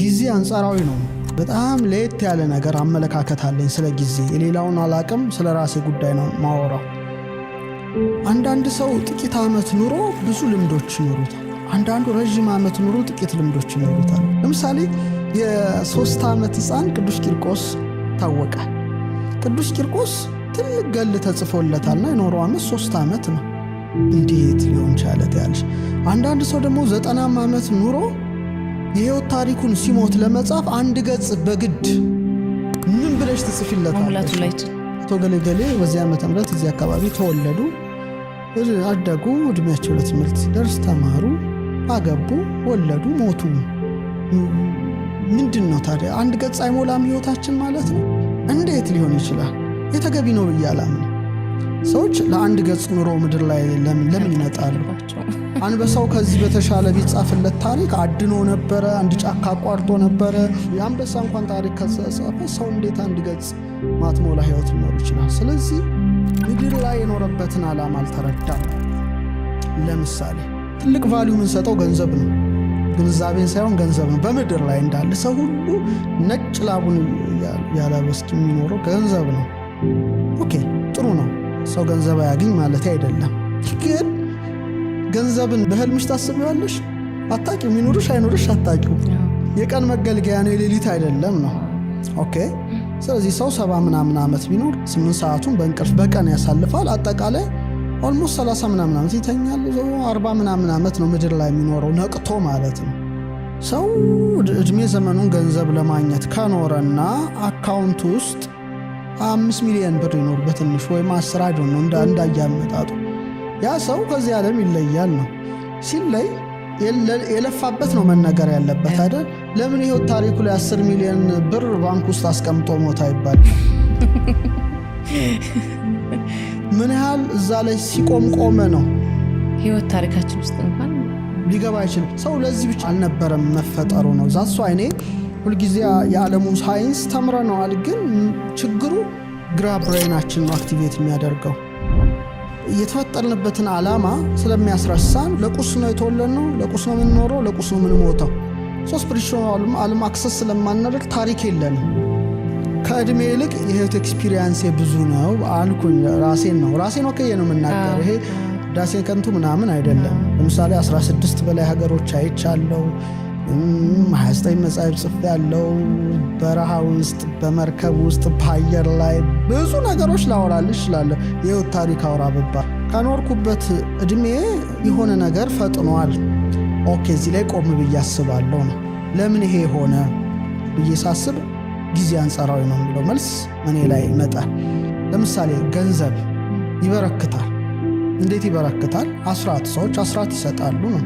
ጊዜ አንጻራዊ ነው። በጣም ለየት ያለ ነገር አመለካከት አለኝ ስለ ጊዜ። የሌላውን አላቅም፣ ስለ ራሴ ጉዳይ ነው ማወራው። አንዳንድ ሰው ጥቂት ዓመት ኑሮ ብዙ ልምዶች ይኖሩታል። አንዳንዱ ረዥም ዓመት ኑሮ ጥቂት ልምዶች ይኖሩታል። ለምሳሌ የሶስት ዓመት ሕፃን ቅዱስ ቂርቆስ ታወቀ። ቅዱስ ቂርቆስ ትልቅ ገል ተጽፎለታልና የኖረው ዓመት ሶስት ዓመት ነው። እንዴት ሊሆን ቻለት ያለች። አንዳንድ ሰው ደግሞ ዘጠናም ዓመት ኑሮ የህይወት ታሪኩን ሲሞት ለመጻፍ አንድ ገጽ በግድ ምን ብለሽ ትጽፊለታለሽ? አቶ ገሌ ገሌ በዚህ ዓመተ ምህረት እዚህ አካባቢ ተወለዱ፣ አደጉ፣ እድሜያቸው ለትምህርት ደርስ ተማሩ፣ አገቡ፣ ወለዱ፣ ሞቱ። ምንድን ነው ታዲያ አንድ ገጽ አይሞላም ህይወታችን ማለት ነው? እንዴት ሊሆን ይችላል? የተገቢ ነው ብዬ አላምንም። ሰዎች ለአንድ ገጽ ኑሮ ምድር ላይ ለምን ይመጣሉ? አንበሳው ከዚህ በተሻለ ቢጻፍለት ታሪክ አድኖ ነበረ፣ አንድ ጫካ አቋርጦ ነበረ። የአንበሳ እንኳን ታሪክ ከተጻፈ ሰው እንዴት አንድ ገጽ ማትሞላ ህይወት ሊኖር ይችላል? ስለዚህ ምድር ላይ የኖረበትን ዓላማ አልተረዳም። ለምሳሌ ትልቅ ቫሊዩ የምንሰጠው ገንዘብ ነው፣ ግንዛቤን ሳይሆን ገንዘብ ነው። በምድር ላይ እንዳለ ሰው ሁሉ ነጭ ላቡን ያለበስ የሚኖረው ገንዘብ ነው። ኦኬ ጥሩ ነው። ሰው ገንዘብ አያግኝ ማለት አይደለም። ግን ገንዘብን በህልምሽ ታስቢዋለሽ። አታቂም ይኑርሽ አይኖርሽ አታቂም። የቀን መገልገያ ነው የሌሊት አይደለም ነው። ኦኬ ስለዚህ ሰው ሰባ ምናምን ዓመት ቢኖር ስምንት ሰዓቱን በእንቅልፍ በቀን ያሳልፋል። አጠቃላይ ኦልሞስት ሰላሳ ምናምን ዓመት ይተኛል። አርባ ምናምን ዓመት ነው ምድር ላይ የሚኖረው ነቅቶ ማለት ነው። ሰው እድሜ ዘመኑን ገንዘብ ለማግኘት ከኖረና አካውንት ውስጥ አምስት ሚሊዮን ብር ይኖር በትንሽ ወይም አስር አይዶ ነው እንዳያመጣጡ ያ ሰው ከዚህ ዓለም ይለያል ነው ሲለይ የለፋበት ነው መነገር ያለበት አይደል? ለምን ይሄው ታሪኩ ላይ አስር ሚሊዮን ብር ባንክ ውስጥ አስቀምጦ ሞታ ይባል ምን ያህል እዛ ላይ ሲቆም ቆመ ነው ህይወት ታሪካችን ውስጥ እንኳን ሊገባ አይችልም። ሰው ለዚህ ብቻ አልነበረም መፈጠሩ ነው ዛሷ አይኔ ሁልጊዜ የዓለሙ ሳይንስ ተምረነዋል፣ ግን ችግሩ ግራ ብሬናችን ነው አክቲቬት የሚያደርገው የተፈጠርንበትን ዓላማ ስለሚያስረሳን ለቁስ ነው ነው፣ ለቁስ ነው የምንኖረው፣ ለቁስ ነው የምንሞተው። ሶ ስፒሪቹዋል ዓለም አክሰስ ስለማናደርግ ታሪክ የለንም። ከእድሜ ይልቅ የህይወት ኤክስፒሪየንስ ብዙ ነው አልኩኝ። ራሴን ነው ራሴን ወክዬ ነው የምናገር። ይሄ ዳሴ ከንቱ ምናምን አይደለም። ለምሳሌ 16 በላይ ሀገሮች አይቻለው። ሀያ መጽሐፍ ጽፍ ያለው በረሃ ውስጥ በመርከብ ውስጥ በአየር ላይ ብዙ ነገሮች ላወራልሽ ይችላለ ይኸው ታሪክ አውራ ብባ ከኖርኩበት እድሜ የሆነ ነገር ፈጥኗል። ኦኬ እዚህ ላይ ቆም ብዬ አስባለሁ ነው ለምን ይሄ የሆነ ብዬ ሳስብ ጊዜ አንጸራዊ ነው የሚለው መልስ እኔ ላይ መጠ ለምሳሌ ገንዘብ ይበረክታል። እንዴት ይበረክታል? አስራት ሰዎች አስራት ይሰጣሉ ነው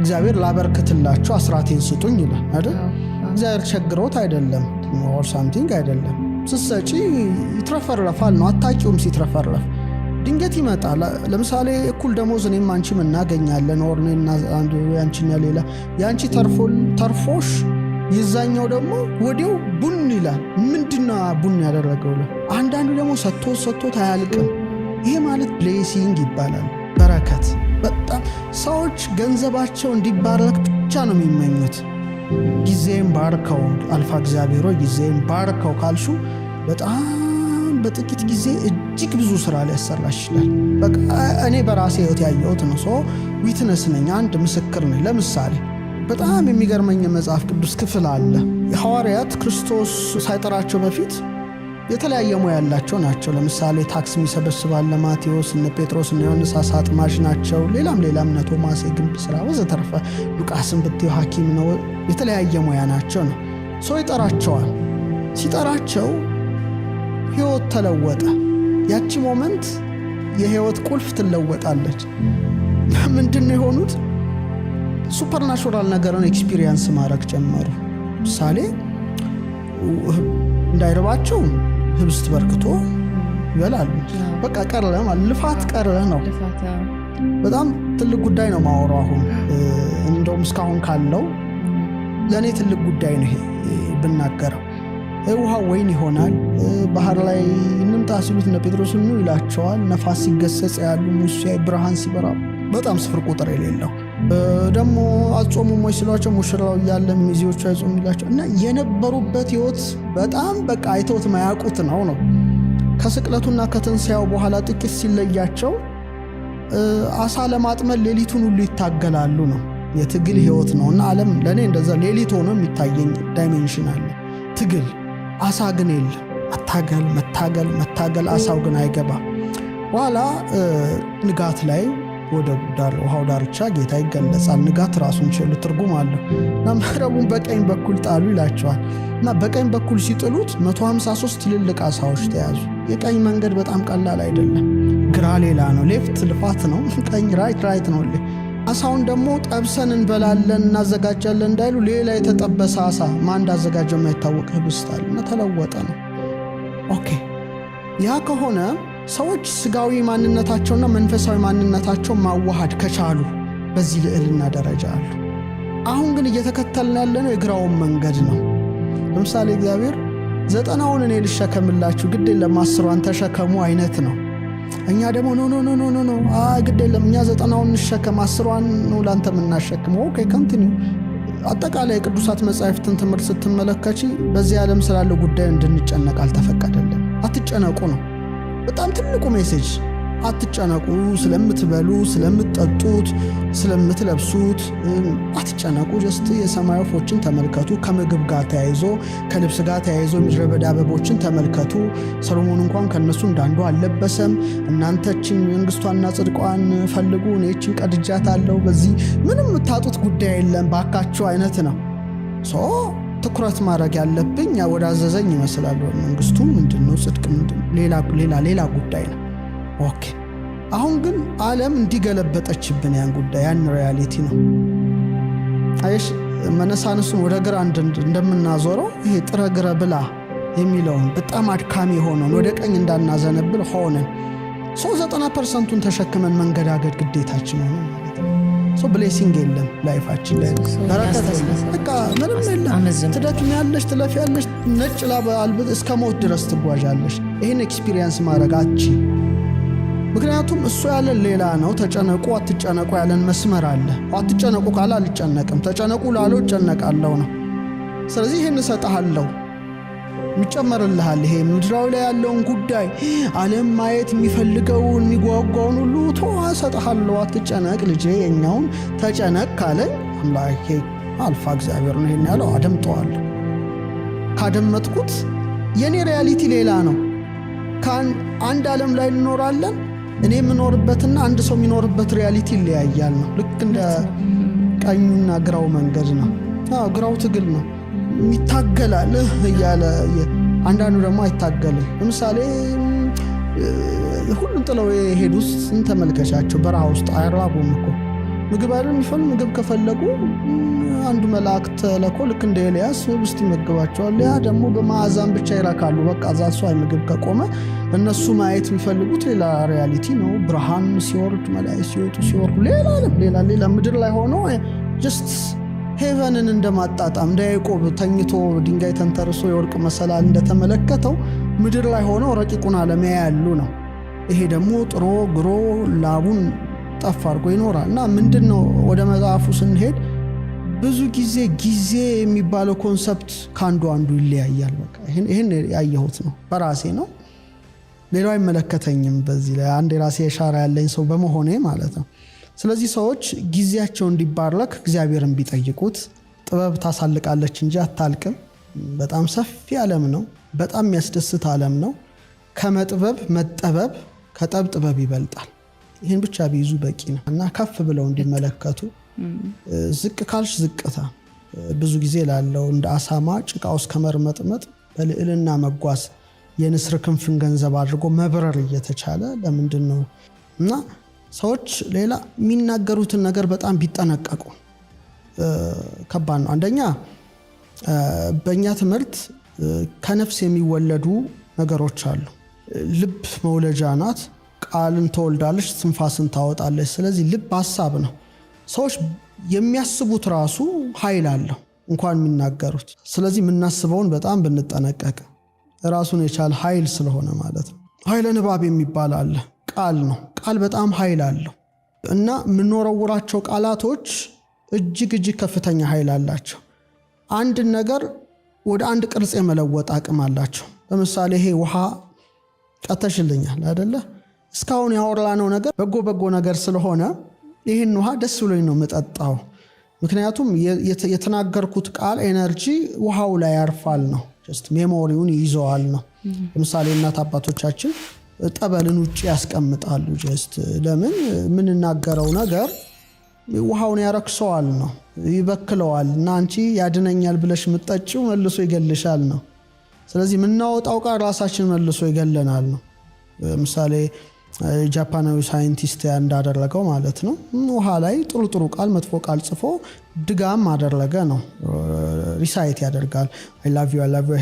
እግዚአብሔር ላበርክትላችሁ አስራቴን ስጡኝ ይላል አይደል? እግዚአብሔር ቸግሮት አይደለም ኦር ሳምቲንግ አይደለም። ስትሰጪ ይትረፈረፋል ነው፣ አታቂውም ሲትረፈረፍ ድንገት ይመጣል። ለምሳሌ እኩል ደሞዝ እኔም አንቺም እናገኛለን፣ ኦር አንቺና ሌላ የአንቺ ተርፎሽ የዛኛው ደግሞ ወዲያው ቡን ይላል። ምንድና ቡን ያደረገው? አንዳንዱ ደግሞ ሰጥቶት ሰጥቶት አያልቅም። ይሄ ማለት ብሌሲንግ ይባላል፣ በረከት በጣም ሰዎች ገንዘባቸው እንዲባረክ ብቻ ነው የሚመኙት። ጊዜም ባርከው አልፋ እግዚአብሔሮ ጊዜም ባርከው ካልሹ በጣም በጥቂት ጊዜ እጅግ ብዙ ስራ ሊያሰራ ይችላል። እኔ በራሴ ህይወት ያየሁት ነው። ሰው ዊትነስ ነኝ፣ አንድ ምስክር ነኝ። ለምሳሌ በጣም የሚገርመኝ የመጽሐፍ ቅዱስ ክፍል አለ። ሐዋርያት ክርስቶስ ሳይጠራቸው በፊት የተለያየ ሙያ ያላቸው ናቸው። ለምሳሌ ታክስ የሚሰበስብ ማቴዎስ፣ እነ ጴጥሮስ፣ እነ ዮሐንስ አሳ አጥማጅ ናቸው። ሌላም ሌላም እነ ቶማስ የግንብ ስራ ወዘተርፈ፣ ሉቃስን ብትዩ ሐኪም ነው። የተለያየ ሙያ ናቸው ነው። ሰው ይጠራቸዋል። ሲጠራቸው ህይወት ተለወጠ። ያቺ ሞመንት የህይወት ቁልፍ ትለወጣለች። ምንድን የሆኑት? ሱፐርናቹራል ነገርን ኤክስፒሪየንስ ማድረግ ጀመሩ። ምሳሌ እንዳይርባቸውም? ህብስት በርክቶ ይበላሉ። በቃ ቀረ ማለት ልፋት ቀረ ነው። በጣም ትልቅ ጉዳይ ነው ማወራው። አሁን እንደውም እስካሁን ካለው ለእኔ ትልቅ ጉዳይ ነው ብናገረው። ውሃ ወይን ይሆናል። ባህር ላይ እንምጣ ሲሉት እነ ጴጥሮስ ኑ ይላቸዋል። ነፋስ ሲገሰጽ ያሉ ሙሴ ብርሃን ሲበራ በጣም ስፍር ቁጥር የሌለው ደግሞ አጾሙ ወይ ስሏቸው ሙሽራው እያለ ሚዜዎቹ አይጾም እና የነበሩበት ህይወት በጣም በቃ አይተውት ማያውቁት ነው ነው ከስቅለቱና ከትንሣኤው በኋላ ጥቂት ሲለያቸው አሳ ለማጥመድ ሌሊቱን ሁሉ ይታገላሉ ነው የትግል ህይወት ነው እና ዓለም ለእኔ እንደዛ ሌሊት ሆኖ የሚታየኝ ዳይሜንሽን አለ ትግል አሳ ግን የለ መታገል መታገል መታገል አሳው ግን አይገባ በኋላ ንጋት ላይ ወደ ዳር ውሃው ዳርቻ ጌታ ይገለጻል። ንጋት ራሱን ችሉ ትርጉም አለው እና መረቡን በቀኝ በኩል ጣሉ ይላቸዋል እና በቀኝ በኩል ሲጥሉት 153 ትልልቅ አሳዎች ተያዙ። የቀኝ መንገድ በጣም ቀላል አይደለም። ግራ ሌላ ነው፣ ሌፍት ልፋት ነው፣ ቀኝ ራይት ራይት ነው። አሳውን ደግሞ ጠብሰን እንበላለን እናዘጋጃለን እንዳይሉ ሌላ የተጠበሰ አሳ ማን እንዳዘጋጀው የማይታወቅ ህብስታል እና ተለወጠ ነው። ኦኬ ያ ከሆነ ሰዎች ስጋዊ ማንነታቸውና መንፈሳዊ ማንነታቸው ማዋሃድ ከቻሉ በዚህ ልዕልና ደረጃ አሉ። አሁን ግን እየተከተልን ያለነው የግራውን መንገድ ነው። ለምሳሌ እግዚአብሔር ዘጠናውን እኔ ልሸከምላችሁ ግድ የለም አስሯን ተሸከሙ አይነት ነው። እኛ ደግሞ ኖ ኖ ኖ ኖ ኖ ግድ የለም እኛ ዘጠናውን እንሸከም አስሯን ነው ለአንተ የምናሸክመው። ኦኬ ከንቲኒው አጠቃላይ የቅዱሳት መጻሕፍትን ትምህርት ስትመለከች በዚህ ዓለም ስላለው ጉዳይ እንድንጨነቅ አልተፈቀደልን። አትጨነቁ ነው በጣም ትልቁ ሜሴጅ አትጨነቁ። ስለምትበሉ፣ ስለምትጠጡት፣ ስለምትለብሱት አትጨነቁ። ጀስት የሰማይ ወፎችን ተመልከቱ። ከምግብ ጋር ተያይዞ ከልብስ ጋር ተያይዞ ምድረ በዳ አበቦችን ተመልከቱ። ሰሎሞን እንኳን ከእነሱ እንዳንዱ አልለበሰም። እናንተችን መንግስቷና ጽድቋን ፈልጉ፣ እኔችን ቀድጃት አለው። በዚህ ምንም የምታጡት ጉዳይ የለም ባካችሁ አይነት ነው። ትኩረት ማድረግ ያለብኝ ወደ አዘዘኝ ይመስላል። መንግስቱ ምንድን ነው? ጽድቅ ሌላ ሌላ ጉዳይ ነው። ኦኬ። አሁን ግን አለም እንዲገለበጠችብን ያን ጉዳይ ያን ሪያሊቲ ነው። አይሽ መነሳንሱን ወደ ግራ እንደምናዞረው ይሄ ጥረ ግረ ብላ የሚለውን በጣም አድካሚ ሆነን ወደ ቀኝ እንዳናዘነብል ሆነን ሰው ዘጠና ፐርሰንቱን ተሸክመን መንገዳገድ ግዴታችን ሆነ። ብሌሲንግ የለም ላይፋችን ላይ በቃ ምንም የለም። ያለሽ ትለፍ ያለሽ ነጭ ላብ እስከ ሞት ድረስ ትጓዣለሽ። ይህን ኤክስፒሪየንስ ማድረግ አቺ ምክንያቱም እሱ ያለን ሌላ ነው። ተጨነቁ አትጨነቁ ያለን መስመር አለ። አትጨነቁ ካለ አልጨነቅም፣ ተጨነቁ ላለው እጨነቃለሁ ነው። ስለዚህ ይህን እሰጥሃለሁ ይጨመርልሃል። ይሄ ምድራዊ ላይ ያለውን ጉዳይ ዓለም ማየት የሚፈልገውን የሚጓጓውን ሁሉ ተዋ፣ እሰጥሃለሁ፣ አትጨነቅ ልጄ፣ የኛውን ተጨነቅ ካለ አምላኬ አልፋ እግዚአብሔር ነው ይሄን ያለው። አደምጠዋለሁ። ካደመጥኩት የእኔ ሪያሊቲ ሌላ ነው። አንድ ዓለም ላይ እንኖራለን። እኔ የምኖርበትና አንድ ሰው የሚኖርበት ሪያሊቲ ይለያያል ነው። ልክ እንደ ቀኙና ግራው መንገድ ነው። ግራው ትግል ነው። ይታገላል እያለ አንዳንዱ ደግሞ አይታገልም። ለምሳሌ ሁሉም ጥለው የሄዱ ስን ተመልከቻቸው በረሃ ውስጥ አይራቡም እኮ ምግብ አይደል የሚፈል ምግብ ከፈለጉ አንዱ መልአክ ተለኮ ልክ እንደ ኤልያስ ውስጥ ይመግባቸዋል። ያ ደግሞ በማዕዛን ብቻ ይረካሉ። በቃ እዛ ሰው ምግብ ከቆመ እነሱ ማየት የሚፈልጉት ሌላ ሪያሊቲ ነው። ብርሃን ሲወርድ መላይ ሲወጡ ሲወርዱ ሌላ ሌላ ሌላ ምድር ላይ ሆኖ ጀስት ሄቨንን እንደማጣጣም እንደ ያዕቆብ ተኝቶ ድንጋይ ተንተርሶ የወርቅ መሰላል እንደተመለከተው ምድር ላይ ሆነው ረቂቁን ዓለም ያያሉ ነው። ይሄ ደግሞ ጥሮ ግሮ ላቡን ጠፍ አድርጎ ይኖራል እና ምንድን ነው ወደ መጽሐፉ ስንሄድ ብዙ ጊዜ ጊዜ የሚባለው ኮንሰፕት ከአንዱ አንዱ ይለያያል። በቃ ይህን ያየሁት ነው በራሴ ነው። ሌላው አይመለከተኝም። በዚህ ላይ አንድ የራሴ የሻራ ያለኝ ሰው በመሆኔ ማለት ነው። ስለዚህ ሰዎች ጊዜያቸው እንዲባረክ እግዚአብሔርን ቢጠይቁት ጥበብ ታሳልቃለች እንጂ አታልቅም። በጣም ሰፊ ዓለም ነው። በጣም የሚያስደስት ዓለም ነው። ከመጥበብ መጠበብ ከጠብ ጥበብ ይበልጣል። ይህን ብቻ ቢይዙ በቂ ነው እና ከፍ ብለው እንዲመለከቱ ዝቅ ካልሽ ዝቅታ ብዙ ጊዜ ላለው እንደ አሳማ ጭቃ ውስጥ ከመርመጥመጥ በልዕልና መጓዝ የንስር ክንፍን ገንዘብ አድርጎ መብረር እየተቻለ ለምንድን ነው እና ሰዎች ሌላ የሚናገሩትን ነገር በጣም ቢጠነቀቁ ከባድ ነው። አንደኛ በእኛ ትምህርት ከነፍስ የሚወለዱ ነገሮች አሉ። ልብ መውለጃ ናት። ቃልን ትወልዳለች፣ ትንፋስን ታወጣለች። ስለዚህ ልብ ሀሳብ ነው። ሰዎች የሚያስቡት ራሱ ኃይል አለው እንኳን የሚናገሩት። ስለዚህ የምናስበውን በጣም ብንጠነቀቅ ራሱን የቻለ ኃይል ስለሆነ ማለት ነው። ኃይለ ንባብ የሚባል አለ። ቃል ነው። ቃል በጣም ኃይል አለው እና የምንወረውራቸው ቃላቶች እጅግ እጅግ ከፍተኛ ኃይል አላቸው። አንድን ነገር ወደ አንድ ቅርጽ የመለወጥ አቅም አላቸው። ለምሳሌ ይሄ ውሃ ቀተሽልኛል አደለ? እስካሁን ያወራነው ነገር በጎ በጎ ነገር ስለሆነ ይህን ውሃ ደስ ብሎኝ ነው የምጠጣው። ምክንያቱም የተናገርኩት ቃል ኤነርጂ ውሃው ላይ ያርፋል ነው ሜሞሪውን ይይዘዋል ነው። ለምሳሌ እናት አባቶቻችን ጠበልን ውጭ ያስቀምጣሉ። ጀስት ለምን የምንናገረው ነገር ውሃውን ያረክሰዋል ነው ይበክለዋል። እና አንቺ ያድነኛል ብለሽ የምጠጪው መልሶ ይገልሻል ነው። ስለዚህ የምናወጣው ቃል ራሳችን መልሶ ይገለናል ነው። ምሳሌ ጃፓናዊ ሳይንቲስት እንዳደረገው ማለት ነው። ውሃ ላይ ጥሩ ጥሩ ቃል፣ መጥፎ ቃል ጽፎ ድጋም አደረገ ነው። ሪሳይት ያደርጋል። አይ ላቭ ዩ አይ ላቭ ዩ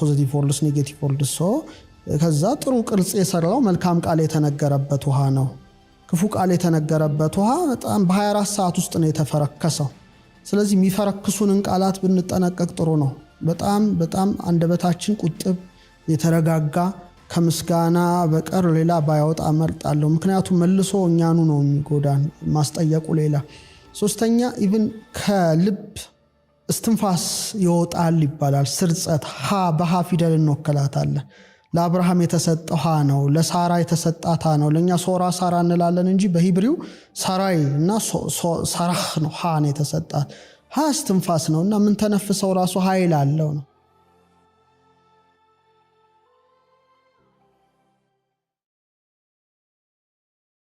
ፖዘቲቭ ወርድስ ኔጌቲቭ ወርድስ ከዛ ጥሩ ቅርጽ የሰራው መልካም ቃል የተነገረበት ውሃ ነው። ክፉ ቃል የተነገረበት ውሃ በጣም በ24 ሰዓት ውስጥ ነው የተፈረከሰው። ስለዚህ የሚፈረክሱንን ቃላት ብንጠነቀቅ ጥሩ ነው። በጣም በጣም አንደበታችን ቁጥብ፣ የተረጋጋ ከምስጋና በቀር ሌላ ባያወጣ መርጣለሁ። ምክንያቱም መልሶ እኛኑ ነው የሚጎዳን ማስጠየቁ ሌላ። ሶስተኛ ኢቭን ከልብ እስትንፋስ ይወጣል ይባላል። ስርጸት ሀ በሀ ፊደል እንወከላታለን። ለአብርሃም የተሰጠ ነው፣ ለሳራ የተሰጣታ ነው። ለእኛ ሶራ ሳራ እንላለን እንጂ በሂብሪው ሳራይ እና ሰራህ ነው። ሃን የተሰጣት። ሃ እስትንፋስ ነው እና የምንተነፍሰው ራሱ ኃይል አለው ነው